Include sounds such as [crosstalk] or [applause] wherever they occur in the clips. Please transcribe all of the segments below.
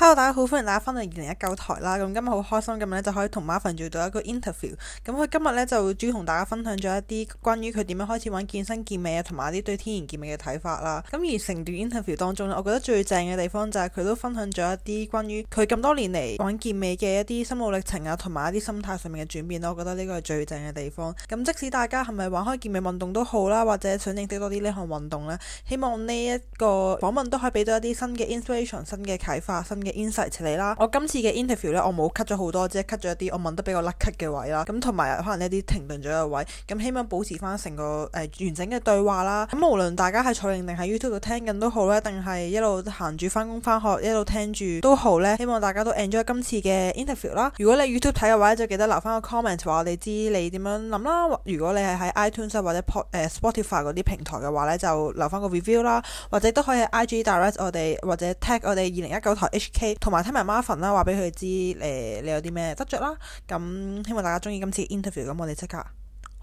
Hello 大家好，歡迎大家翻到二零一九台啦，咁今日好開心咁咧就可以同馬凡做到一個 interview，咁佢今日咧就主要同大家分享咗一啲關於佢點樣開始玩健身健美啊，同埋一啲對天然健美嘅睇法啦，咁而成段 interview 當中咧，我覺得最正嘅地方就係佢都分享咗一啲關於佢咁多年嚟玩健美嘅一啲心路歷程啊，同埋一啲心態上面嘅轉變咯，我覺得呢個係最正嘅地方。咁即使大家係咪玩開健美運動都好啦，或者想認識多啲呢項運動咧，希望呢一個訪問都可以俾到一啲新嘅 inspiration、新嘅啟發、新 insight 你啦，我今次嘅 interview 咧，我冇 cut 咗好多，即係 cut 咗一啲我問得比較甩咳嘅位啦，咁同埋可能呢啲停頓咗嘅位，咁希望保持翻成個誒、呃、完整嘅對話啦。咁無論大家喺坐定定喺 YouTube 度聽緊都好啦，定係一路行住翻工翻學一路聽住都好咧，希望大家都 enjoy 今次嘅 interview 啦。如果你 YouTube 睇嘅話，就記得留翻個 comment 話我哋知你點樣諗啦。如果你係喺 iTunes 或者誒、呃、Spotify 嗰啲平台嘅話咧，就留翻個 review 啦，或者都可以喺 IG direct 我哋或者 tag 我哋二零一九台 HK 同埋聽埋媽粉啦，話俾佢知誒，你有啲咩得著啦。咁希望大家中意今次 interview，咁我哋即刻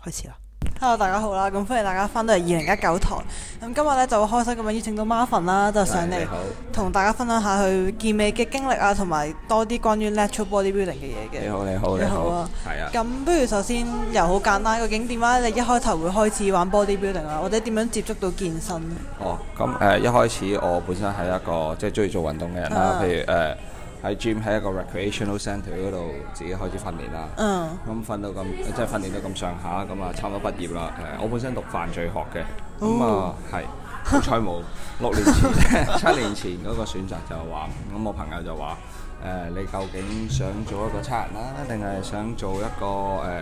開始啦！Hello，大家好啦！咁歡迎大家翻到嚟，二零一九台。咁今日咧就好開心咁邀請到 Marvin 啦，就上嚟同好大家分享下去健美嘅經歷啊，同埋多啲關於 natural body building 嘅嘢嘅。你好，你好，你好，你好啊！係啊！咁不如首先由好簡單個景點啦，你一開頭會開始玩 body building 啊，或者點樣接觸到健身？哦，咁誒、呃，一開始我本身係一個即係中意做運動嘅人啦，啊、譬如誒。呃喺 gym 喺一個 recreational centre 嗰度自己開始訓練啦。Uh, 嗯。咁訓到咁即係訓練到咁上下，咁啊差唔多畢業啦。誒、呃，我本身讀犯罪學嘅，咁啊係好彩冇六年前、七年前嗰個選擇就係話，咁我朋友就話：誒、呃，你究竟想做一個差人啦，定係想做一個誒？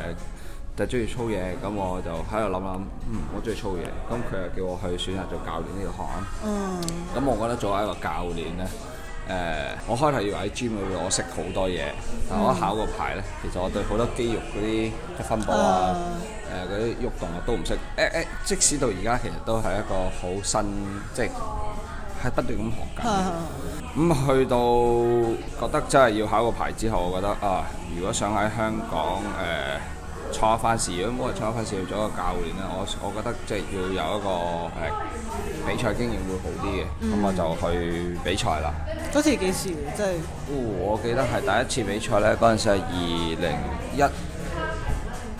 就中意操嘢，咁我就喺度諗諗，嗯，我中意操嘢。咁佢又叫我去選擇做教練呢條行。嗯。咁我覺得做一個教練咧。誒、呃，我開頭以為喺 gym 嘅，我識好多嘢，但我一考個牌咧，其實我對好多肌肉嗰啲嘅分佈啊，誒嗰啲運動啊都唔識。誒、欸、誒、欸，即使到而家其實都係一個好新，即係喺不斷咁學緊。咁、嗯、去到覺得真係要考個牌之後，我覺得啊，如果想喺香港誒。呃坐一番事，如果冇人坐一番事要做一個教練咧，我我覺得即係要有一個誒比賽經驗會好啲嘅，咁、嗯、我就去比賽啦。嗰次幾時？即係、哦？我記得係第一次比賽咧，嗰陣時係二零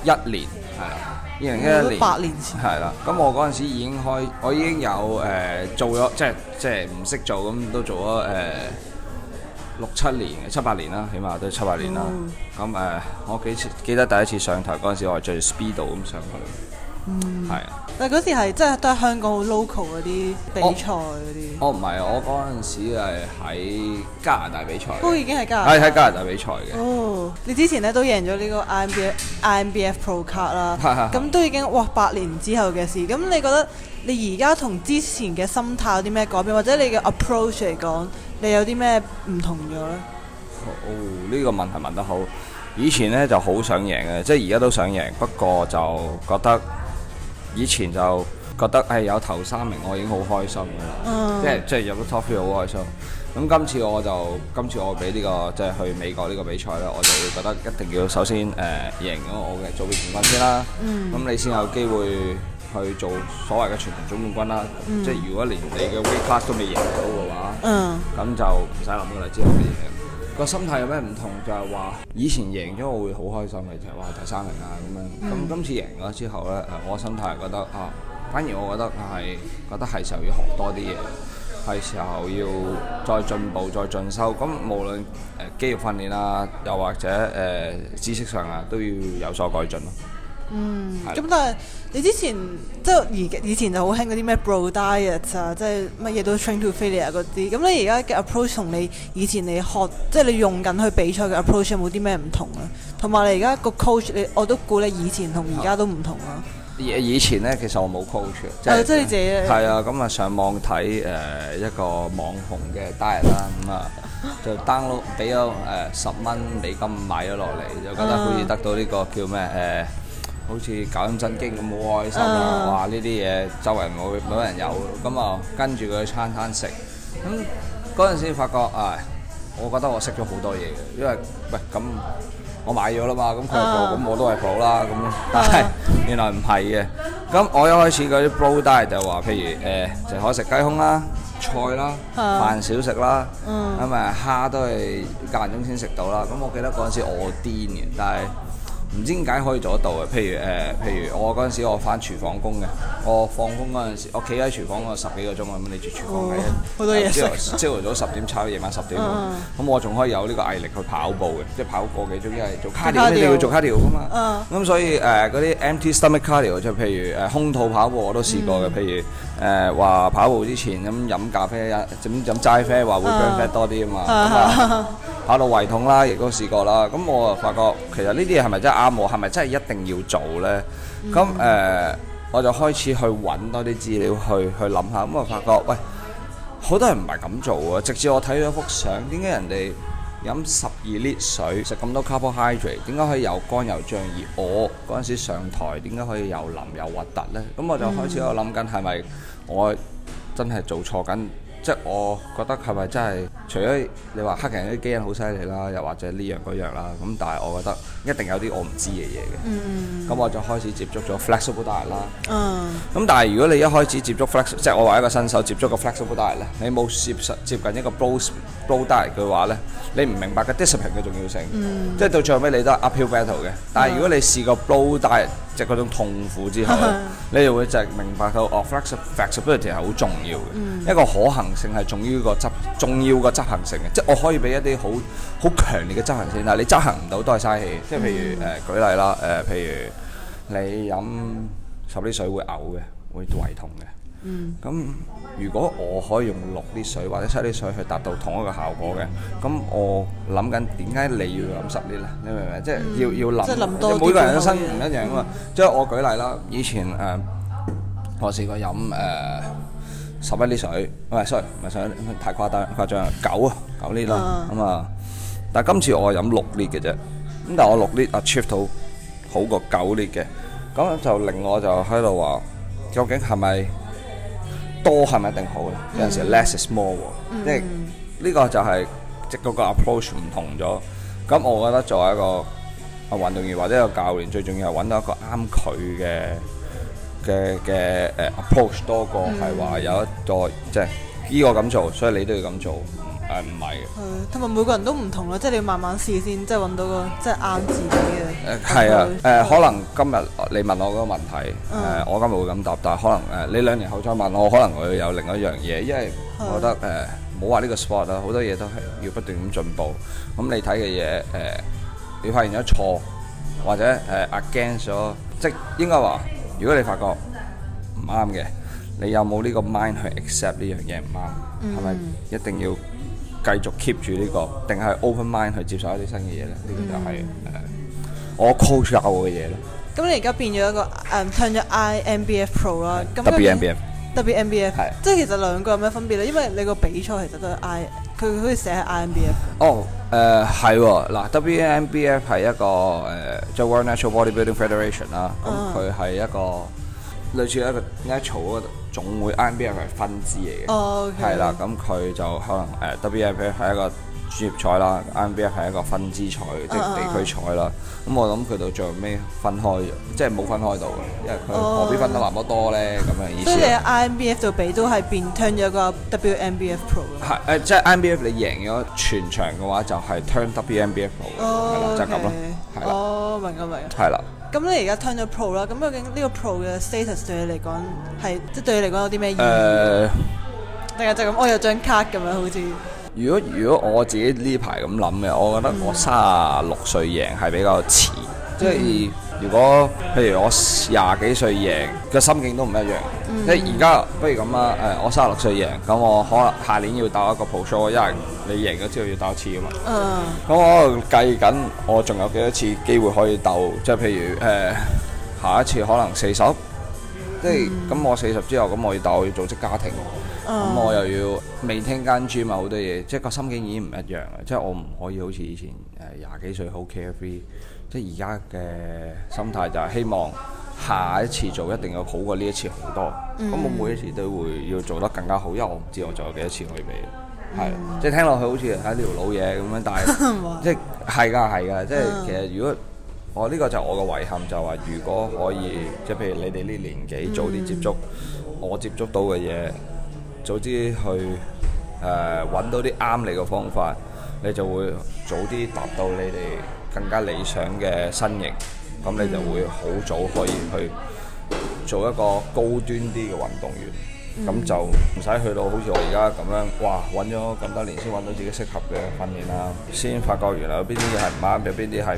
一一年，係二零一一年，八年前。係啦。咁我嗰陣時已經開，我已經有誒、呃、做咗，即係即係唔識做，咁都做咗誒。呃六七年、七八年啦，起碼都七八年啦。咁誒、嗯嗯，我記記得第一次上台嗰陣時，我係着住 speed 咁上去，係、嗯。但嗰時係真係都喺香港好 local 嗰啲比賽嗰啲、oh, 些。哦，唔係，我嗰陣時係喺加拿大比賽。都已經係加。係喺加拿大比賽嘅。哦，oh, 你之前咧都贏咗呢個 IMBF IMBF Pro、Card、啦。咁 [laughs] 都已經哇八年之後嘅事，咁你覺得你而家同之前嘅心態有啲咩改變，或者你嘅 approach 嚟講，你有啲咩唔同咗咧？哦，呢個問題問得好。以前咧就好想贏嘅，即係而家都想贏，不過就覺得。以前就覺得係有頭三名我已經好開心嘅啦、uh，即係即係入到 topic 好開心。咁今次我就今次我俾呢、這個即係去美國呢個比賽咧，我就會覺得一定要首先誒、呃、贏咗我嘅組別冠軍先啦。咁、mm, 你先有機會去做所謂嘅全民總冠軍啦。Mm, 即係如果連你嘅 weight class 都未贏到嘅話，咁、uh, 就唔使諗㗎啦，之後嘅嘢。個心態有咩唔同？就係話以前贏咗我會好開心嘅，就係話第三名啊咁樣。咁今次贏咗之後咧，我心態係覺得啊，反而我覺得係覺得係時候要學多啲嘢，係時候要再進步、再進修。咁無論誒肌肉訓練啊，又或者誒知識上啊，都要有所改進咯。嗯，咁的但係你之前即係以以前就好興嗰啲咩 bro diet 啊，即係乜嘢都 train to failure 嗰啲。咁你而家嘅 approach 同你以前你學即係你用緊去比賽嘅 approach 有冇啲咩唔同啊？同埋你而家個 coach 你我都估你以前同而家都唔同啊。以前咧，其實我冇 coach。係對、就是、真係嘅。係啊，咁啊上網睇誒、呃、一個網紅嘅 diet 啦、啊，咁啊就 download 俾咗誒 [laughs] 十蚊、呃、美金買咗落嚟，就覺得好似得到呢、這個、uh, 叫咩誒？呃好似搞陰真經咁冇愛心啊！Uh, 哇，呢啲嘢周圍冇冇人有嘅，咁啊跟住佢去餐餐食，咁嗰陣時發覺啊、哎，我覺得我食咗好多嘢嘅，因為喂咁我買咗啦嘛，咁佢係補，咁、uh, 我都係補啦，咁、uh, 但係原來唔係嘅，咁我一開始嗰啲煲單就話，譬如誒、呃、就可以食雞胸啦、菜啦、飯、uh, 少食啦，咁啊蝦都係間中先食到啦，咁我記得嗰陣時我癲嘅，但係。唔知點解可以做得到嘅？譬如誒、呃，譬如我嗰陣時我翻廚房工嘅，我放工嗰陣時，我企喺廚房嗰十幾個鐘咁你住廚房嘅，朝朝頭早十點差， [laughs] 夜晚十點，咁、uh 嗯嗯、我仲可以有呢個毅力去跑步嘅，即係跑個幾鐘又做卡條，你要做卡條噶嘛。咁所以誒，嗰、呃、啲 empty stomach cardio 即係譬如誒、呃、空肚跑步我都試過嘅，譬如誒話、呃、跑步之前咁飲咖啡啊，整飲齋啡話會 burn fat 多啲啊嘛。Uh, uh, uh, uh, uh 跑到胃痛啦，亦都試過啦。咁、嗯、我就發覺，其實呢啲嘢係咪真係啱我？係咪真係一定要做呢？咁、嗯、誒、嗯呃，我就開始去揾多啲資料去、嗯、去諗下。咁我發覺，喂，好多人唔係咁做啊！直至我睇咗幅相，點解人哋飲十二 lit 水，食咁多 carbohydrate，點解可以又乾又脹熱？我嗰陣時上台，點解可以又腍又核突呢？咁、嗯嗯、我就開始喺度諗緊，係咪我真係做錯緊？即係我覺得係咪真係除咗你話黑人啲基因好犀利啦，又或者呢樣嗰樣啦？咁但係我覺得一定有啲我唔知嘅嘢嘅。咁、嗯、我就開始接觸咗 flexible diet 啦、啊。咁但係如果你一開始接觸 flex，即係我話一個新手接觸個 flexible diet 咧，你冇接接近一個 blue diet 嘅話咧，你唔明白個 discipline 嘅重要性。嗯、即係到最後尾你都 uphill battle 嘅。但係如果你試過 blue diet、啊。即係嗰種痛苦之後， [laughs] 你又會就係明白到哦、oh,，flexibility 係好重要嘅，hmm. 一個可行性係重要個執重要個執行性嘅，即、就、係、是、我可以俾一啲好好強烈嘅執行性，但係你執行唔到都係嘥氣，即係、mm hmm. 譬如誒、呃、舉例啦，誒、呃、譬如你飲十啲水會嘔嘅，會胃痛嘅。嗯，咁如果我可以用六啲水或者七啲水去達到同一個效果嘅，咁我諗緊點解你要飲十啲咧？你明唔明？即係要要諗，每個人嘅身唔一樣啊嘛。即係我舉例啦，以前誒我試過飲誒十一啲水，唔係，sorry，唔係十一，太誇大誇張啊，九啊九啲啦咁啊。但係今次我係飲六啲嘅啫，咁但係我六啲 achieve 到好過九啲嘅，咁就令我就喺度話究竟係咪？多係咪一定好咧？Mm hmm. 有陣時 less is more 喎，mm hmm. 即係呢、呢個就係即嗰個 approach 唔同咗。咁我覺得作為一個啊運動員或者一個教練，最重要係揾到一個啱佢嘅嘅嘅誒 approach，多過係話、mm hmm. 有一代即係依個咁做，所以你都要咁做。係唔係？誒，同埋每個人都唔同咯，即係你要慢慢試先，即係揾到個即係啱自己嘅。誒係啊，誒吧、呃、可能今日你問我嗰個問題，嗯呃、我今日冇會咁答，但係可能誒、呃、你兩年後再問我，可能我會有另一樣嘢，因為我覺得誒冇話呢個 spot 啊，好多嘢都係要不斷咁進步。咁你睇嘅嘢誒，你發現咗錯或者誒、呃、against 咗，即係應該話，如果你發覺唔啱嘅，你有冇呢個 mind 去 accept 呢樣嘢唔啱？係咪、嗯、一定要？繼續 keep 住呢個，定係 open mind 去接受一啲新嘅嘢咧？呢個就係我 coach 教我嘅嘢咯。咁你而家變咗一個誒、呃，唱咗 I N B F Pro 啦。W N B F W N B F，即係其實兩個有咩分別咧？因為你個比賽其實都係 I，佢好似寫係 I N B F。哦，誒係嗱，W N B F 係一個即係 World Natural Bodybuilding Federation 啦。咁佢係一個。呃類似一個呢一組嗰總會 I M B F 係分支嚟嘅，係啦、oh, okay. 嗯，咁佢就可能誒、呃、W M B F 係一個專業賽啦，I M B F 係一個分支賽，即係地區賽啦。咁、huh. 嗯、我諗佢到最尾分開，即係冇分開到嘅，因為佢何必分得那麼多咧？咁嘅、oh. 意思、嗯呃。所以喺 I M B F 就比都係變 turn 咗個 W M B F Pro。係誒，即係 I M B F 你贏咗全場嘅話，就係、是、turn W M B F Pro、oh, okay.。就係咁咯，係啦。哦，明㗎，明㗎。係啦。咁你而家轉咗 Pro 啦，咁究竟呢個 Pro 嘅 status 對你嚟講係即係對你嚟講有啲咩意義？誒、呃，誒就咁，我有張卡咁樣好似。如果如果我自己呢排咁諗嘅，我覺得我三十六歲贏係比較遲，即係、嗯。以如果譬如我廿幾歲贏，個心境都唔一樣。即係而家不如咁啊！誒、呃，我卅六歲贏，咁我可能下年要打一個 pro show，因為你贏咗之後要打一次啊嘛。咁、呃、我計緊我仲有幾多次機會可以鬥，即係譬如誒、呃、下一次可能四十，即係咁我四十之後，咁我要鬥要組織家庭，咁、呃嗯、我又要未聽間 gym 嘛好多嘢，即係個心境已經唔一樣嘅，即係我唔可以好似以前。廿幾歲好 carefree，即係而家嘅心態就係希望下一次做一定要好過呢一次好多。咁我、嗯、每一次都會要做得更加好，因為我唔知我做咗幾多次去以俾、嗯。即係聽落去好似喺條老嘢咁樣，但係 [laughs] 即係係㗎係㗎，嗯、即係其實如果我呢、這個就係我嘅遺憾，就話、是、如果可以，即係譬如你哋呢年紀早啲接觸、嗯、我接觸到嘅嘢，早啲去誒揾、呃、到啲啱你嘅方法。你就會早啲達到你哋更加理想嘅身形，咁、mm hmm. 你就會好早可以去做一個高端啲嘅運動員，咁、mm hmm. 就唔使去到好似我而家咁樣，哇搵咗咁多年先搵到自己適合嘅訓練喇，先發覺原來有邊啲嘢係唔啱，有邊啲係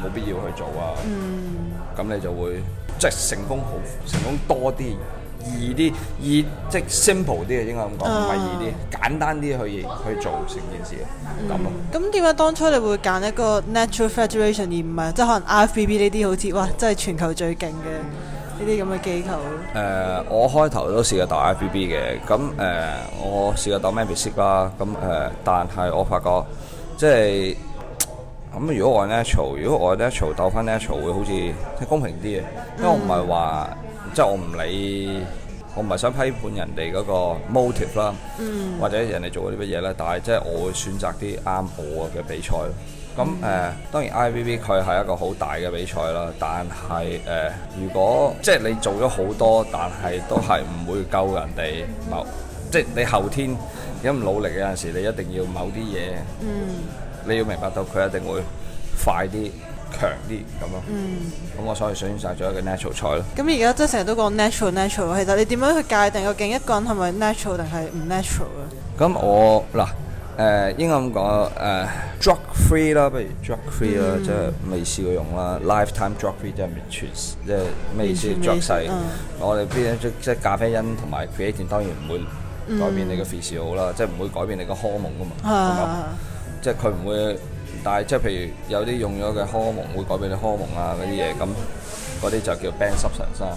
冇必要去做啊，咁、mm hmm. 你就會即係、就是、成功好成功多啲。易啲，以即係 simple 啲嘅應該咁講，唔係、uh, 易啲，簡單啲去去做成件事咁咯。咁點解當初你會揀一個 Natural Federation 而唔係即係可能 I F B B 呢啲好似哇真係全球最勁嘅呢啲咁嘅機構？誒，uh, 我開頭都試過打 I F B B 嘅，咁誒、uh, 我試過鬥 Memphis 啦，咁誒、uh, 但係我發覺即係咁如果我 natural，如果我 natural，鬥翻 r a l 會好似公平啲嘅，因為我唔係話。即係我唔理，我唔係想批判人哋嗰個 motive 啦、嗯，或者人哋做啲乜嘢咧。但係即係我會選擇啲啱我嘅比賽咁誒、嗯呃，當然 IVB 佢係一個好大嘅比賽啦。但係誒、呃，如果即係你做咗好多，但係都係唔會夠人哋某，嗯、即係你後天唔努力嘅陣時候，你一定要某啲嘢，嗯、你要明白到佢一定會快啲。強啲咁咯，咁、嗯、我所以選擇咗一個 natural 菜咯。咁而家即係成日都講 natural，natural 其實你點樣去界定究竟一個人係咪 natural 定係唔 natural 啊？咁我嗱誒應該咁講誒、呃、drug free 啦 dr、嗯，不如 drug free 啦，即係未試過用啦。lifetime drug free 即係咩意思 d r 我哋即係咖啡因同埋 creatine 當然唔會改變你嘅肥少啦，即係唔會改變你嘅荷爾蒙噶嘛，係咪？即係佢唔會。但係，即係譬如有啲用咗嘅荷蒙會改變你荷蒙啊嗰啲嘢，咁嗰啲就叫 Band Substance。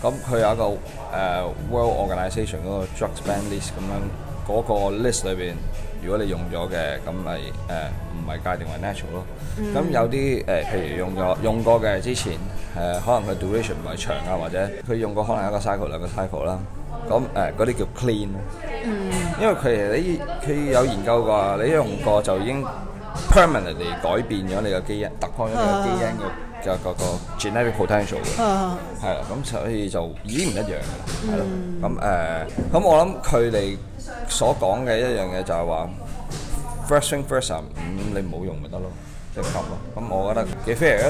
咁佢有一個誒、uh, World Organization 嗰個 Drugs Ban List 咁樣嗰、嗰個 list 裏邊，如果你用咗嘅，咁咪誒唔係界定為 natural 咯。咁有啲誒，譬如用咗用過嘅之前誒、呃，可能佢 duration 唔係長啊，或者佢用過可能一個 cycle 兩個 cycle 啦。咁誒嗰啲叫 clean、嗯、因為佢你佢有研究過，你用過就已經。Permanent 嚟改變咗你個基因，突開咗你個基因嘅嘅、uh, 個個，個 generic potential 嘅，係啦、uh,，咁所以就已經唔一樣㗎啦，係啦、mm.，咁誒，咁、呃、我諗佢哋所講嘅一樣嘢就係話 fresh and first 五，你唔好用咪得咯。即係咁咯，咁我覺得幾 fair 啊！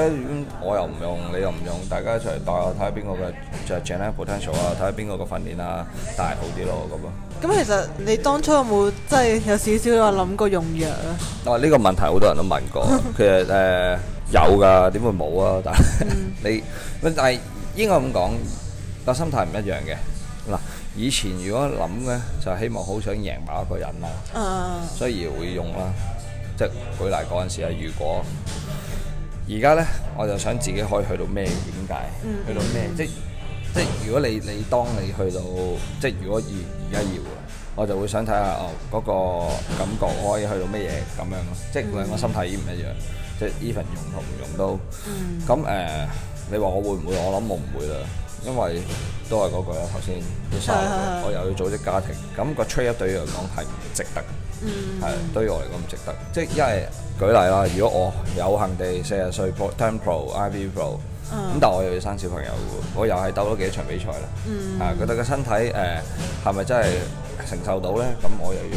我又唔用，你又唔用，大家一齊帶我睇下邊個嘅就長啲 potential 啊，睇下邊個嘅訓練啊但係好啲咯，咁咯。咁其實你當初有冇即係有少少話諗過用藥啊？哦，呢個問題好多人都問過。其實誒有㗎，點會冇啊？但係你，但係應該咁講，個心態唔一樣嘅。嗱，以前如果諗咧，就希望好想贏某一個人咯，所以會用啦。即舉例嗰陣時啊，如果而家咧，我就想自己可以去到咩點解，嗯、去到咩？嗯、即、嗯、即、即如果你你當你去到，即如果而而家要，我就會想睇下哦嗰、嗰個感覺我可以去到咩嘢咁樣咯。即、嗯、兩個心態已經唔一樣，即 even 用同唔用都。咁誒、嗯呃，你話我會唔會？我諗我唔會啦。因為都係嗰句啦，頭先生，我又要組織家庭，咁個 trade 對我嚟講係唔值得嘅，係對我嚟講唔值得。即係因為舉例啦，如果我有幸地四十歲 pro ten pro ib pro，咁但係我又要生小朋友喎，我又係鬥咗幾多場比賽啦，啊，覺得個身體誒係咪真係承受到咧？咁我又要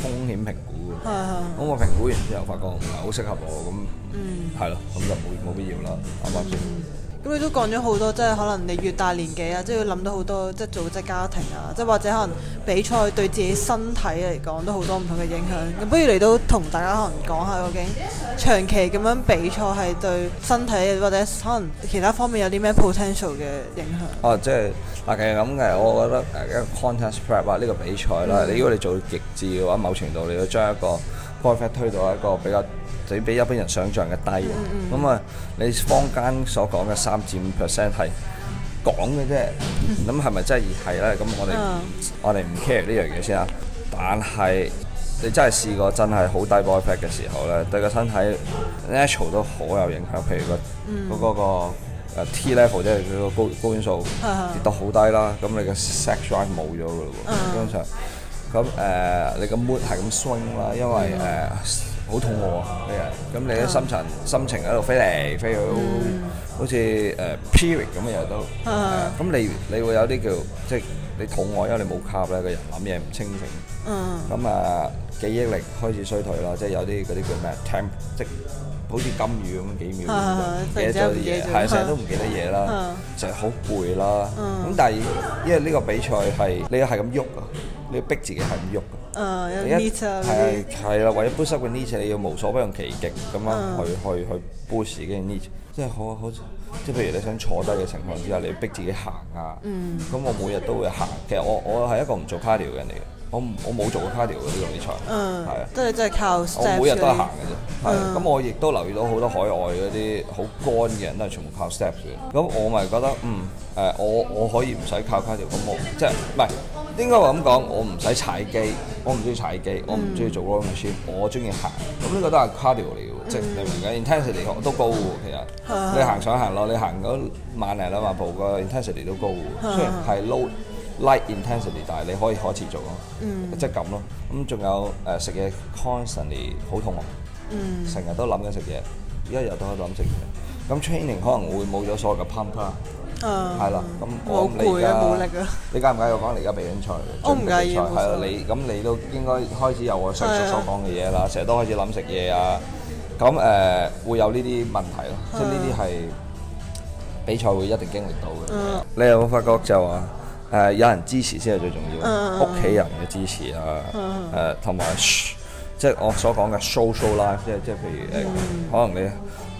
風險評估喎，咁我評估完之後發覺唔係好適合我，咁係咯，咁就冇冇必要啦，啱唔啱先？咁你都講咗好多，即係可能你越大年紀啊，即係會諗到好多，即係組織家庭啊，即係或者可能比賽對自己身體嚟講都好多唔同嘅影響。咁不如你都同大家可能講下究竟長期咁樣比賽係對身體或者可能其他方面有啲咩 potential 嘅影響？哦、啊，即係嗱，其實咁嘅，我覺得誒一個 contest prep 啊，呢、呢個比賽啦，嗯、你如果你做極致嘅話，某程度你都將一個 perfect 推到一個比較。最比一般人想象嘅低嘅，咁啊、mm，hmm. 你坊間所講嘅三至五 percent 係講嘅啫，咁係咪真係熱係咧？咁我哋、uh huh. 我哋唔 care 呢樣嘢先啊。但係你真係試過真係好低 body fat 嘅時候咧，對個身體 natural 都好有影響。譬如、嗰個嗰、uh huh. 個 T level 即係佢個高高元素跌得好低啦，咁、uh huh. 你嘅 sex drive 冇咗嘅喎，基本上咁誒，huh. uh, 你個 mood 係咁 swing 啦，因為誒。Uh huh. uh, 好肚餓啊！咁你咧心情心情喺度飛嚟飛去，好似誒 period 咁嘅嘢都，咁你你會有啲叫即係你肚餓，因為你冇卡咧，個人諗嘢唔清醒，咁啊記憶力開始衰退啦，即係有啲嗰啲叫咩 temp 即係好似金魚咁幾秒唔記得咗啲嘢，係成日都唔記得嘢啦，就係好攰啦。咁但係因為呢個比賽係你係咁喐啊！要逼自己肯喐，uh, 你一係係啦，為咗 boost up 嘅 NEAT，你要無所不用其極咁樣去、uh、去去 boost 自己嘅 NEAT，即係好好即係譬如你想坐低嘅情況之下，你逼自己行啊，咁、mm. 我每日都會行。其實我我係一個唔做 cardio 嘅人嚟嘅，我我冇做過 cardio 呢個比賽，係、uh, 啊，都係真係靠 step。我每日都係行嘅啫，係咁、uh、我亦都留意到好多海外嗰啲好乾嘅人都係全部靠 steps 嘅，咁我咪覺得嗯誒、嗯呃、我我，我可以唔使靠 cardio 咁我即係唔係？應該話咁講，我唔使踩機，我唔中意踩機，我唔中意做 running shoe，我中意行。咁呢個都係 cardio 嚟嘅，mm. 即係你明嘅 intensity 都高嘅。Mm. 其實、mm. 你行上行落，你行嗰萬零兩萬步個 intensity 都高嘅，mm. 雖然係 low light intensity，但係你可以可持續咯，即係咁咯。咁仲有誒食嘢 constantly 好痛喎，成日都諗緊食嘢，一日都喺度諗食嘢。咁 training 可能會冇咗所有嘅 pump。嗯，係啦，咁我而家你介唔介意我講你而家備緊賽準備比賽？係啊，你咁你都應該開始有我上述所講嘅嘢啦，成日都開始諗食嘢啊，咁誒會有呢啲問題咯，即係呢啲係比賽會一定經歷到嘅。你有冇發覺就話誒有人支持先係最重要，屋企人嘅支持啊，誒同埋。即係我所講嘅 social life，即係即係譬如誒，嗯、可能你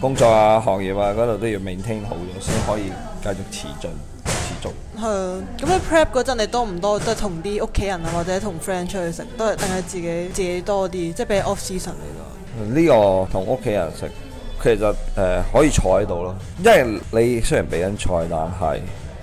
工作啊、行業啊嗰度都要 maintain 好咗，先可以繼續持續持續。係咁你 prep 嗰陣你多唔多？即係同啲屋企人啊，或者同 friend 出去食，都係定係自己自己多啲？即係俾 off season 嚟咯。呢個同屋企人食，其實誒、呃、可以坐喺度咯，因為你雖然俾緊菜，但係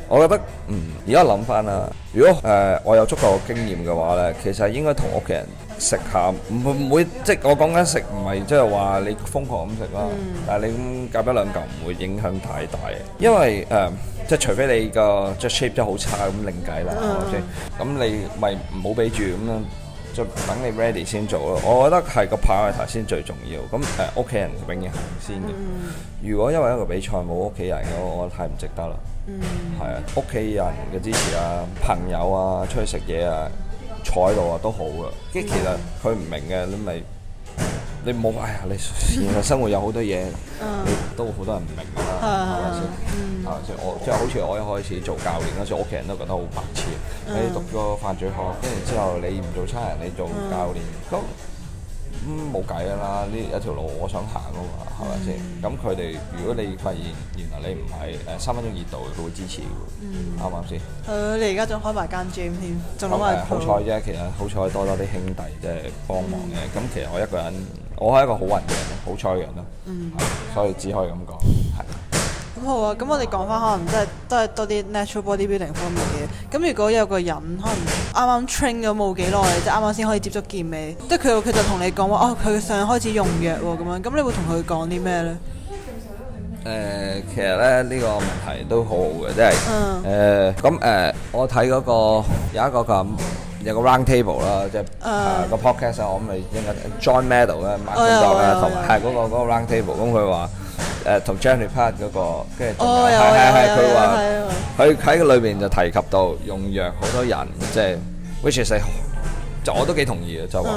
我覺得嗯，而家諗翻啦，如果誒、呃、我有足夠嘅經驗嘅話咧，其實應該同屋企人。食下唔會，唔會即係我講緊食唔係即係話你瘋狂咁食咯，嗯、但係你咁夾一兩嚿唔會影響太大嘅，因為誒、呃、即係除非你個即係 shape 真係好差咁另計啦，O K，咁你咪唔好俾住咁樣，就等你 ready 先做咯。我覺得係個 partner 先最重要，咁誒屋企人永遠行先嘅。嗯、如果因為一個比賽冇屋企人，嘅，我覺得太唔值得啦，係、嗯、啊，屋企人嘅支持啊，朋友啊，出去食嘢啊。坐喺度啊，都好㗎。即係其實佢唔明嘅，你咪你冇。哎呀，你現實生活有好多嘢，嗯、你都好多人唔明㗎啦。係咪先？啊，即係、嗯、我即係、就是、好似我一開始做教練嗰時候，我屋企人都覺得好白痴。嗯、你讀咗犯罪學，跟住之後你唔做差人，你做教練。嗯咁冇計噶啦，呢、嗯、一條路我想行噶嘛，係咪先？咁佢哋如果你發現原來你唔係誒三分鐘熱度，佢會支持嘅喎，啱啱先？誒吧、呃，你 IM,、嗯嗯、而家仲開埋間 gym 添，仲諗埋好彩啫，其實好彩多咗啲兄弟即係幫忙嘅。咁、嗯、其實我一個人，我係一個好運嘅人，好彩嘅人咯。嗯，吧嗯所以只可以咁講，係。好啊，咁我哋講翻可能都係都係多啲 natural bodybuilding 方面嘅。咁如果有個人可能啱啱 train 咗冇幾耐，即係啱啱先可以接觸健美，即係佢佢就同你講話哦，佢想開始用藥喎咁樣。咁你會同佢講啲咩咧？誒，其實咧呢個問題都好好嘅，即係誒咁誒，我睇嗰個有一個咁有個 round table 啦，即係個 podcast 我咪 join medal 咧，麥同埋係嗰個嗰個 round table，咁佢話。誒同 Jenny Pat 嗰個，跟住係係係，佢話佢喺個裏面就提及到用藥好多人，即係 which is 就我都幾同意嘅，就話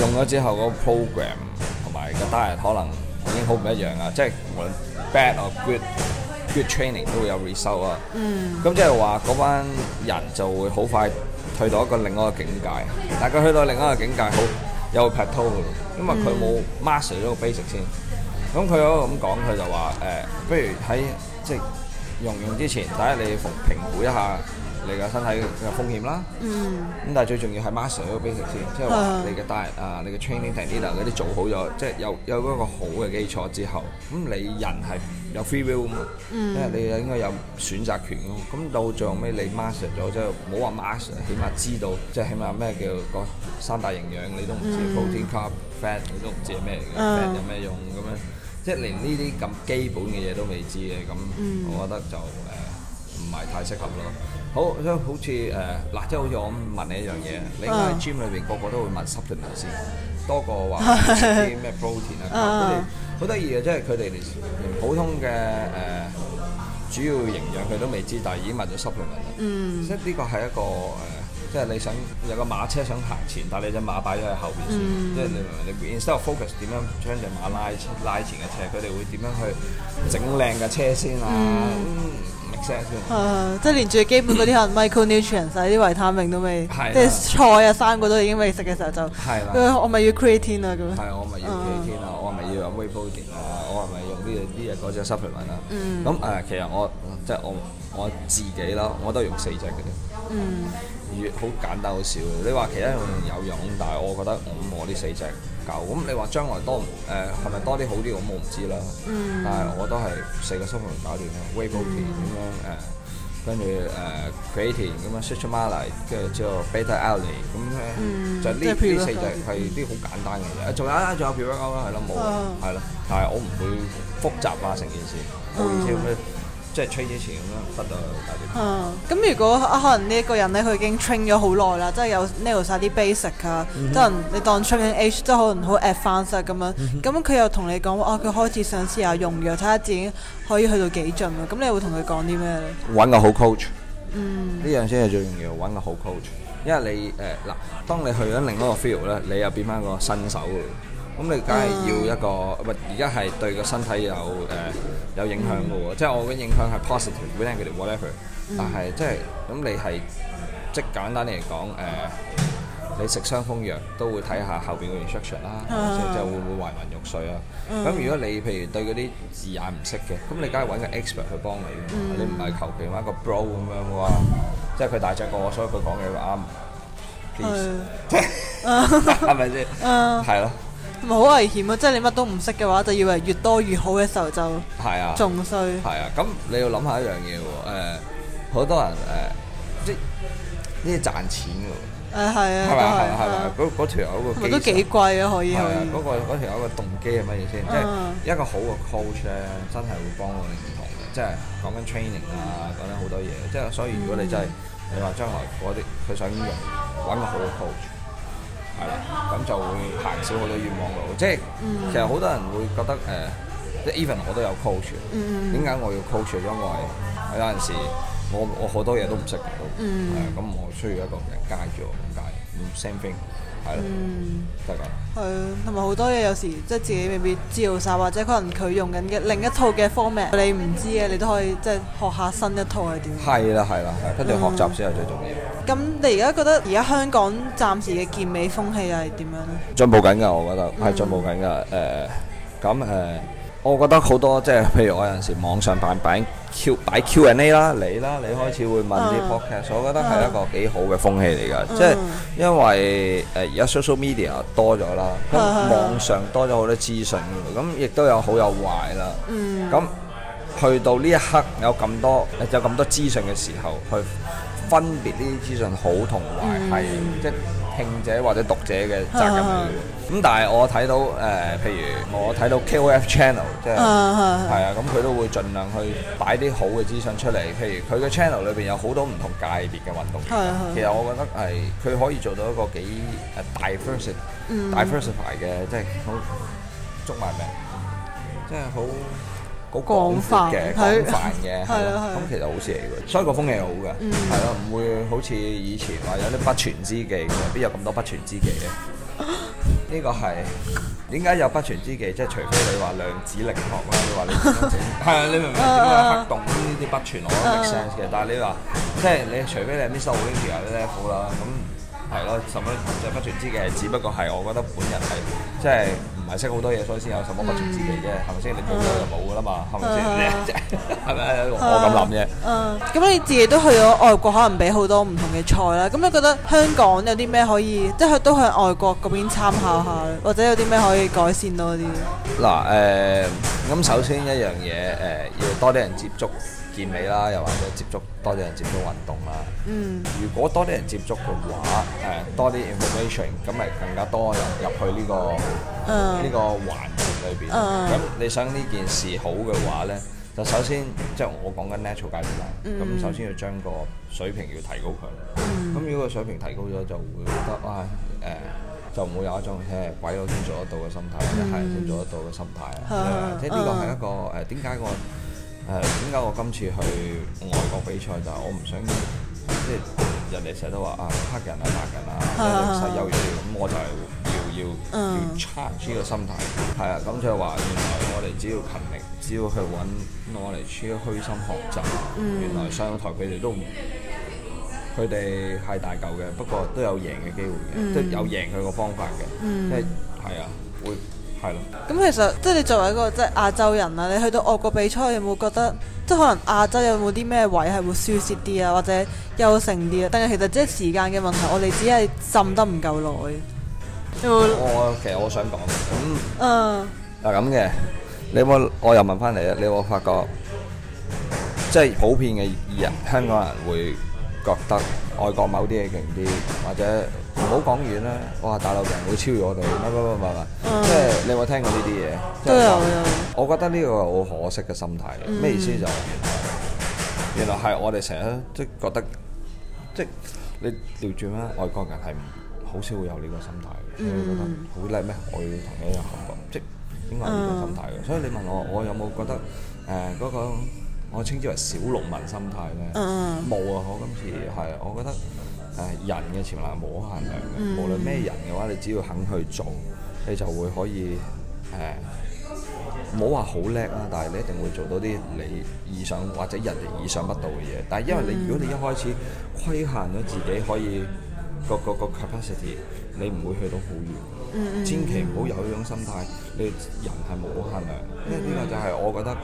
用咗之後個 program 同埋個 diet 可能已經好唔一樣啊！即係無論 bad or good，good training 都會有 result 啊！咁即係話嗰班人就會好快退到一個另外一個境界，但係佢去到另外一個境界，好有個 plateau 嘅，因為佢冇 master 咗個 basic 先。咁佢好咁講，佢就話，誒不如喺，即係用用之前，睇下你評估一下你嘅身體嘅風險啦。嗯。咁、嗯、但係最重要係 master 個 basic 先，即係話你嘅 diet 啊、你嘅 training data 啲做好咗，即係有有一個好嘅基礎之後，咁、嗯、你人係有 free will 㗎嘛，、嗯，因為你應該有選擇權㗎嘛。咁、嗯、到最後尾你 master 咗之後，唔好話 master 起碼知道，即係起碼咩叫個三大營養你都唔知 protein、carb、fat，你都唔知係咩嚟嘅 fat 有咩用。即係連呢啲咁基本嘅嘢都未知嘅，咁，我覺得就誒唔係太適合咯。好，咁好似誒，嗱，即係好似我咁問你一樣嘢，你喺 gym 裏邊個個都會問 supplement 先，多過話啲咩 protein [laughs] 啊，佢哋好得意嘅，即係佢哋連普通嘅誒、呃、主要營養佢都未知，但係已經問咗 supplement。嗯，即係呢個係一個誒。呃即係你想有個馬車想行前，但係你隻馬擺咗喺後邊先。即係你明唔明？你 instead focus 點樣將隻馬拉前、拉前嘅車？佢哋會點樣去整靚嘅車先啊？mix 啊！即係連最基本嗰啲係 micro nutrients 啲維他命都未，即係菜啊三個都已經未食嘅時候就係啦。我咪要 creating 啦咁。係我咪要 create 天啊？我咪要用 weight i n g 啊？我係咪用呢啲啊？嗰隻 supplement 啊？咁誒，其實我即係我我自己啦，我都用四隻嘅啫。嗯，越好簡單好少，你話其他用有用，但係我覺得我我呢四隻狗，咁你話將來多誒係咪多啲好啲，我冇唔知啦。但係我都係四個蘇門搞掂嘅，Weibo 田咁樣誒，跟住誒 Create 田咁樣 Search 馬嚟，跟住之後 Better Alley 咁咧，就呢呢四隻係啲好簡單嘅嘢。誒，仲有仲有 Pirone 啦，係啦冇啦，係啦，但係我唔會複雜化成件事。即係 train 之前咁樣發到大啲。嗯，咁如果啊可能呢一個人咧，佢已經 train 咗好耐啦，即係有 nail 晒啲 basic 啊，即係你當 training age，即係可能好 advanced 咁樣，咁佢又同你講哦，佢開始想試下用藥，睇下自己可以去到幾盡啊，咁你會同佢講啲咩咧？揾個好 coach，嗯，呢樣先係最重要。揾個好 coach，因為你誒嗱、呃，當你去緊另一個 field 咧，你又變翻個新手。咁你梗係要一個，唔係而家係對個身體有誒有影響嘅喎，即係我嘅影響係 positive，唔聽佢哋 whatever。但係即係咁你係即係簡單嚟講誒，你食傷風藥都會睇下後邊嘅 instruction 啦，即係會唔會昏昏欲睡啊？咁如果你譬如對嗰啲字眼唔識嘅，咁你梗係揾個 expert 去幫你，你唔係求其揾個 bro 咁樣嘅話，即係佢大隻過我，所以佢講嘅話啱。Please，係咪先？係咯。唔係好危險啊！即係你乜都唔識嘅話，就以為越多越好嘅時候就係啊，仲衰。係啊，咁你要諗下一樣嘢喎，好多人誒，即係呢啲賺錢嘅喎。誒係啊，係啊，係啊，嗰嗰條友個幾都幾貴啊，可以啊。嗰個嗰條友個動機係乜嘢先？即係一個好嘅 coach 咧，真係會幫到你唔同嘅。即係講緊 training 啊，講緊好多嘢。即係所以，如果你真係誒將來嗰啲佢想搵個好嘅 coach。咁就會行少好多冤枉路，即係其實好多人會覺得誒，uh, 即係 even 我都有 coach，嗯點解我要 coach？因為有我有陣時，我我好多嘢都唔識識，誒咁我需要一個人教住我咁解，咁 same thing。嗯，係啊吧，係啊，同埋好多嘢有時即係自己未必知道晒，或者可能佢用緊嘅另一套嘅 format，你唔知嘅，你都可以即係學下新一套係點。係啦，係啦，不斷學習先係最重要。咁、嗯、你而家覺得而家香港暫時嘅健美風氣係點樣咧？進步緊㗎，我覺得係、嗯、進步緊㗎。誒、呃，咁誒。呃我覺得好多即係譬如我有陣時網上擺擺 Q 擺 Q and A 啦，你啦，你開始會問啲 Podcast，uh, 我覺得係一個幾好嘅風氣嚟㗎，uh, 即係因為誒而家 social media 多咗啦，uh, 因為網上多咗好多資訊，咁亦都有好有壞啦。咁去到呢一刻有咁多有咁多資訊嘅時候去分別呢啲資訊好同壞，係即聽者或者讀者嘅責任。咁 [music] 但係我睇到誒、呃，譬如我睇到 KOF Channel，即係係啊，咁佢、 [music] 嗯嗯、都會盡量去擺啲好嘅資訊出嚟。譬如佢嘅 channel 裏邊有好多唔同界別嘅運動， [music] 其實我覺得係佢可以做到一個幾誒 diversity、diversify 嘅、嗯，即係好捉埋命，即係好。廣好廣泛嘅，廣泛嘅，啊，咁其實好事嚟嘅，所以個風氣好嘅，係咯、嗯，唔會好似以前話有啲不全之技嘅，邊有咁多不傳之技嘅？呢、啊、個係點解有不傳之技？即係除非你話量子力學啦，你話你點整？係啊，你明唔明點解黑洞呢啲不傳我 make sense 嘅？啊、但係你話即係你除非你係啲修好啲嘅 level 啦，咁係咯，什麼啲不傳之技係只不過係，我覺得本人係、就是、即係。識好多嘢，所以先有什麼決策智慧啫，係咪先？你冇咗就冇噶啦嘛，係咪先？啫，係咪？我咁諗啫。嗯，咁你自己都去咗外國，可能俾好多唔同嘅菜啦。咁你覺得香港有啲咩可以，即係都向外國嗰邊參考下，或者有啲咩可以改善多啲？嗱、啊，誒、呃、咁首先一樣嘢，誒、呃、要多啲人接觸。健美啦，又或者接觸多啲人接觸運動啦。嗯。如果多啲人接觸嘅話，誒多啲 information，咁咪更加多入入去呢個呢個環境裏邊。嗯。咁你想呢件事好嘅話呢，就首先即係我講緊 natural 界別啦。嗯。咁首先要將個水平要提高佢。嗯。咁如果個水平提高咗，就會覺得啊誒，就唔會有一種誒鬼佬先做得到嘅心態，或者係先做得到嘅心態啊。即係呢個係一個誒點解個？誒點解我今次去外國比賽就係我唔想，即係人哋成日都話啊，黑人啊白人啊 [music] 優勢、優越，咁、 [music] 嗯、我就係要要要 charge 呢個心態，係啊，咁就係話原來我哋只要勤力，只要去揾 knowledge，虛心學習，嗯、原來上台佢哋都，佢哋係大嚿嘅，不過都有贏嘅機會嘅，即係、嗯、有贏佢個方法嘅，係係啊會。係咯，咁、嗯、其實即係你作為一個即係亞洲人啊，你去到外國比賽有冇覺得即係可能亞洲有冇啲咩位係會輸蝕啲啊，或者優勝啲啊？但係其實即係時間嘅問題，我哋只係浸得唔夠耐。有冇我其實我想講，嗯，啊，咁嘅。你有冇？我又問翻你啊，你有冇發覺即係普遍嘅人，香港人會覺得外國某啲嘢勁啲，或者？唔好講遠啦，哇大陸人會超越我哋，乜乜乜乜乜，即係你有冇聽過呢啲嘢？都有有。我覺得呢個係好可惜嘅心態。咩意思？就係原來係我哋成日即係覺得，即係你調轉啦，外國人係好少會有呢個心態嘅，所以覺得好叻咩？我要同你一樣感覺，即係應該係呢個心態嘅。所以你問我，我有冇覺得誒嗰個我稱之為小農民心態咧？冇啊！我今次係，我覺得。誒人嘅潛能係無限量嘅，嗯、無論咩人嘅話，你只要肯去做，你就會可以誒，冇話好叻啦，但係你一定會做到啲你意想或者人哋意想不到嘅嘢。但係因為你如果你一開始規限咗自己可以、個個個 capacity，你唔會去到好遠。嗯嗯，千祈唔好有呢種心態，你人係無限量。嗯嗯，因為呢個就係我覺得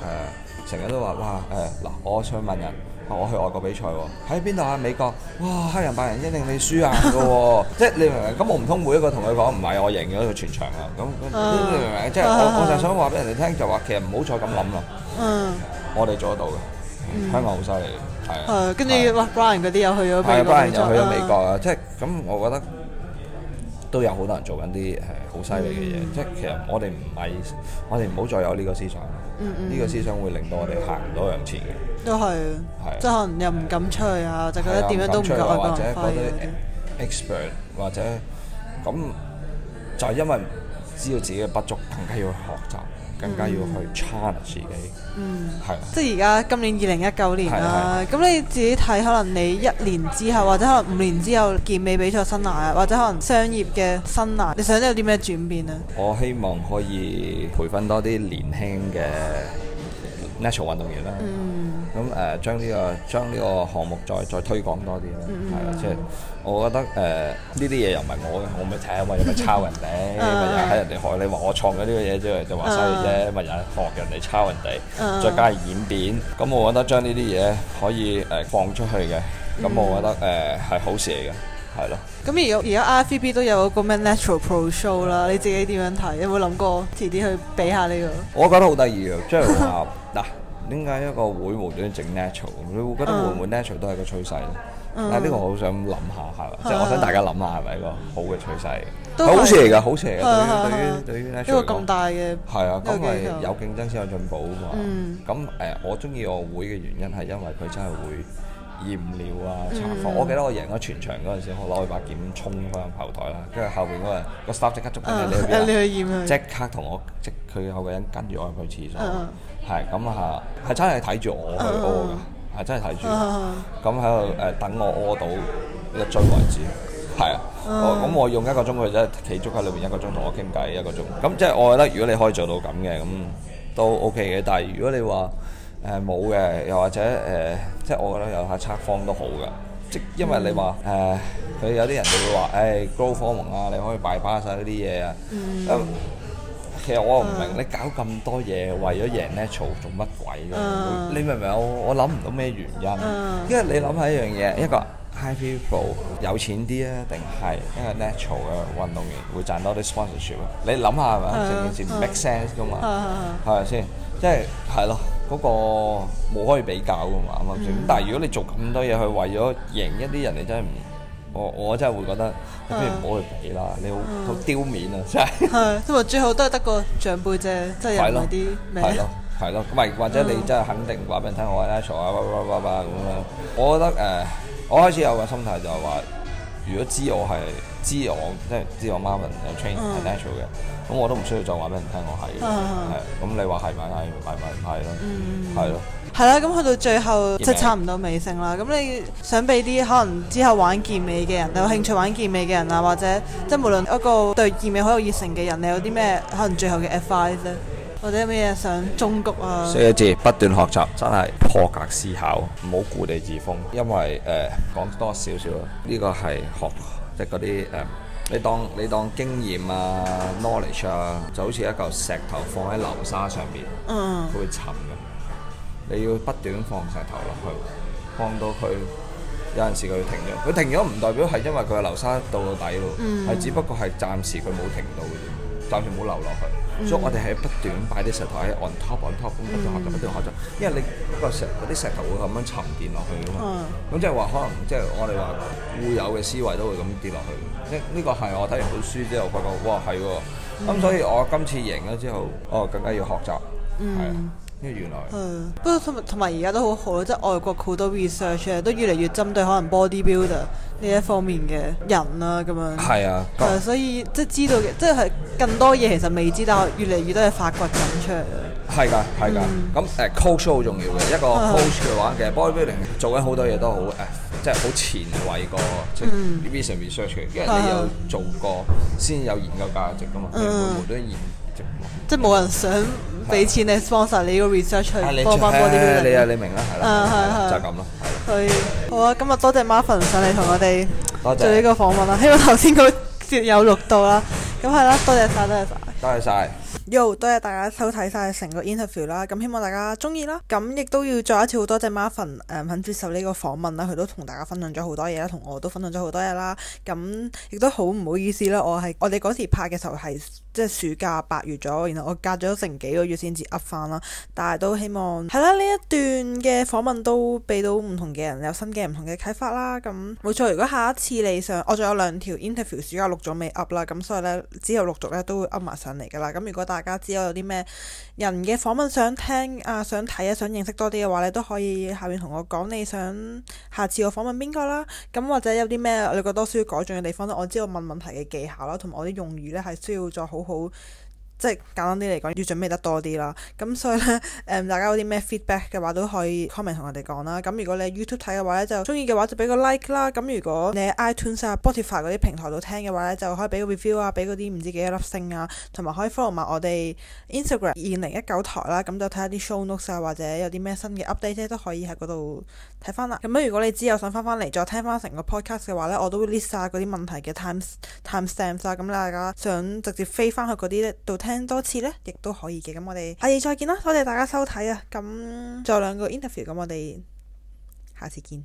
誒，成日、呃、都話哇誒嗱，我想問人。我去外國比賽喎，喺邊度啊？美國，哇！黑人白人一定你輸啊嘅，即係你明唔明？咁我唔通每一個同佢講，唔係我贏咗佢全場啊！咁，你明唔明？即係我我就想話俾人哋聽，就話其實唔好再咁諗啦。嗯。我哋做得到嘅，香港好犀利嘅，係啊。跟住 Brian 嗰啲又去咗邊個國家啊？Brian 又去咗美國啊！即係咁，我覺得都有好多人做緊啲係好犀利嘅嘢。即係其實我哋唔係，我哋唔好再有呢個思想。呢、嗯、個思想會令到我哋行唔多兩次嘅，都係的，係，即係可能你又唔敢出去啊，的就覺得點樣都唔夠我發揮。或者 expert，或者咁，者嗯、就係因為知道自己嘅不足，更加要學習。更加要去 challenge 自己，嗯，係、啊，即係而家今年二零一九年啦，咁、啊啊、你自己睇，可能你一年之後或者可能五年之後健美比賽生涯啊，或者可能商業嘅生涯，你想有啲咩轉變呢、啊？我希望可以培訓多啲年輕嘅。natural 運動員咁誒、嗯呃、將呢、這個將呢個項目再再推廣多啲咧，係啦，即係我覺得誒呢啲嘢又唔係我嘅，我咪睇下，咪又咪抄人哋，咪又喺人哋學，你話我創嘅呢個嘢啫，就話犀利啫，咪又、嗯、學人哋抄人哋，嗯、再加演變，咁、嗯、我覺得將呢啲嘢可以誒、呃、放出去嘅，咁我覺得誒係、呃呃、好事嚟嘅。係咯，咁而有而家 RPP 都有一個咩 Natural Pro Show 啦，你自己點樣睇？有冇諗過遲啲去比下呢個？我覺得好得意啊，即係話嗱，點解一個會無端端整 natural？你會覺得會唔會 natural 都係個趨勢，但係，呢個我好想諗下，係即係我想大家諗下，係咪一個好嘅趨勢？都好嘢噶，好嘢！對於對於對於 natural 嚟講，一個咁大嘅係啊，咁係有競爭先有進步啊嘛。咁誒，我中意我會嘅原因係因為佢真係會。驗尿啊！查房，嗯、我記得我贏咗全場嗰陣時，我攞去把劍衝翻後台啦，跟住後邊嗰人個 staff 即刻捉翻嚟你邊，即刻同我即佢有個人跟住我入去廁所，係咁嚇，係真係睇住我去屙嘅，係、啊、真係睇住，咁喺度誒等我屙到一追為止，係啊，咁、啊啊、我用一個鐘佢啫，企足喺裏邊一個鐘，同我傾偈一個鐘，咁即係我覺得如果你可以做到咁嘅，咁都 OK 嘅，但係如果你話，誒冇嘅，又或者誒，即係我覺得有下拆方都好噶。即係因為你話誒，佢有啲人就會話：誒 growth hormone 啊，你可以擺巴曬呢啲嘢啊。嗯。咁其實我又唔明，你搞咁多嘢為咗贏 natural 做乜鬼？嗯。你明唔明啊？我我諗唔到咩原因。嗯。因為你諗下一樣嘢，一個 high people 有錢啲啊，定係一個 natural 嘅運動員會賺多啲 sponsorship 啊？你諗下係咪？嗯嗯嗯。成件事 make sense 噶嘛？嗯嗯嗯。係咪先？即係係咯。嗰個冇可以比較㗎嘛，咁、嗯、但係如果你做咁多嘢去為咗贏一啲人，你真係唔，我我真係會覺得，啊、你不如唔好去比啦，你好好丟、啊、面啊，真係。係、啊，同埋最後都係得個長輩啫，即係入啲名。係咯，係咯，咁咪或者你真係肯定話俾人聽我係拉鋤啊，巴拉巴咁樣。我覺得誒、呃，我開始有個心態就係話，如果知我係。知我即係知我媽咪有 train 係 natural 嘅，咁、嗯、我都唔需要再話俾人聽我係，係咁、嗯、你話係咪係咪咪唔係咯，係咯，係啦，咁去、嗯、的到最後即係美差唔多尾聲啦。咁你想俾啲可能之後玩健美嘅人，你有興趣玩健美嘅人啊，或者即係無論一個對健美好有熱誠嘅人，你有啲咩可能最後嘅 advice 咧，或者咩想忠告啊？四個字，不斷學習，真係破格思考，唔好固地自封。因為誒講、呃、多少少啊，呢、呢個係學。即係嗰啲誒，uh, 你當你當經驗啊、knowledge 啊，就好似一嚿石頭放喺流沙上面，嗯，uh. 佢會沉嘅。你要不斷放石頭落去，放到佢有陣時佢停咗。佢停咗唔代表係因為佢個流沙到到底咯，係、mm. 只不過係暫時佢冇停到嘅啫，暫時冇流落去。所以 So、mm. 我哋係不斷擺啲石頭喺 on top on top 咁、mm. 不斷學咁不斷學習，因為你嗰石啲石頭會咁樣沉澱落去噶嘛。咁即係話可能即係、就是、我哋話固有嘅思維都會咁跌落去。即呢個係我睇完本書之後發覺，哇係喎！咁、哎 mm. 嗯、所以我今次贏咗之後，哦更加要學習，係啊，因為原來。不過同同埋而家都好好即係外國好多 research 都越嚟越針對可能 bodybuilder 呢一方面嘅人啦、啊、咁樣。係啊的，誒 Go，所以即係、就是、知道嘅，即、就、係、是。更多嘢其實未知，但越嚟越多嘢發掘緊出嚟。係㗎，係㗎。咁誒，culture 好重要嘅一個 culture 嘅話，其實 bodybuilding 做緊好多嘢都好誒，即係好前衞個，即係 visionary research 嘅，因為你有做過，先有研究價值㗎嘛。你冇冇都冇，即係冇人想俾錢你放曬你個 research 去幫幫 bodybuilding 你啊，你明啦，係啦，就係咁咯。係好啊！今日多謝 Marvin 上嚟同我哋做呢個訪問啊！希望頭先佢有錄到啦。咁係啦，多謝晒，多謝晒，多謝晒。Yo 多謝大家收睇晒成個 interview 啦，咁、嗯、希望大家中意啦，咁、嗯、亦都要再一次好多謝 Marvin 誒肯接受呢個訪問啦，佢都同大家分享咗好多嘢啦，同我都分享咗好多嘢啦，咁、嗯、亦都好唔好意思啦，我係我哋嗰時拍嘅時候係即係暑假八月咗，然後我隔咗成幾個月先至 up 翻啦，但係都希望係啦，呢一段嘅訪問都俾到唔同嘅人有新嘅唔同嘅啟發啦，咁冇錯，如果下一次你想，我仲有兩條 interview 暑假錄咗未 up 啦，咁、嗯、所以咧之後陸續咧都會 up 埋上嚟噶啦，咁、嗯、如果大。大家知我有啲咩人嘅訪問想聽啊，想睇啊，想認識多啲嘅話，你都可以下面同我講你想下次我訪問邊個啦。咁或者有啲咩你覺得需要改進嘅地方咧，我知道我問問題嘅技巧啦，同埋我啲用語呢，係需要再好好。即係簡單啲嚟講，要準備得多啲啦。咁所以咧，誒大家有啲咩 feedback 嘅話，都可以 comment 同我哋講啦。咁如果你喺 YouTube 睇嘅話咧，就中意嘅話就俾個 like 啦。咁如果你喺 iTunes 啊、Spotify 嗰啲平台度聽嘅話咧，就可以俾個 review 啊，俾嗰啲唔知幾多粒星啊，同埋可以 follow 埋我哋 Instagram 二零一九台啦。咁就睇下啲 show notes 啊，或者有啲咩新嘅 update 都可以喺嗰度。睇翻啦，咁咧，如果你之後想翻翻嚟，再聽翻成個 podcast 嘅話呢，我都會 list 晒嗰啲問題嘅 times timestamps 啊，咁大家想直接飛翻去嗰啲度聽多次呢，亦都可以嘅。咁我哋下次再見啦，多謝大家收睇啊。咁仲有兩個 interview，咁我哋下次見。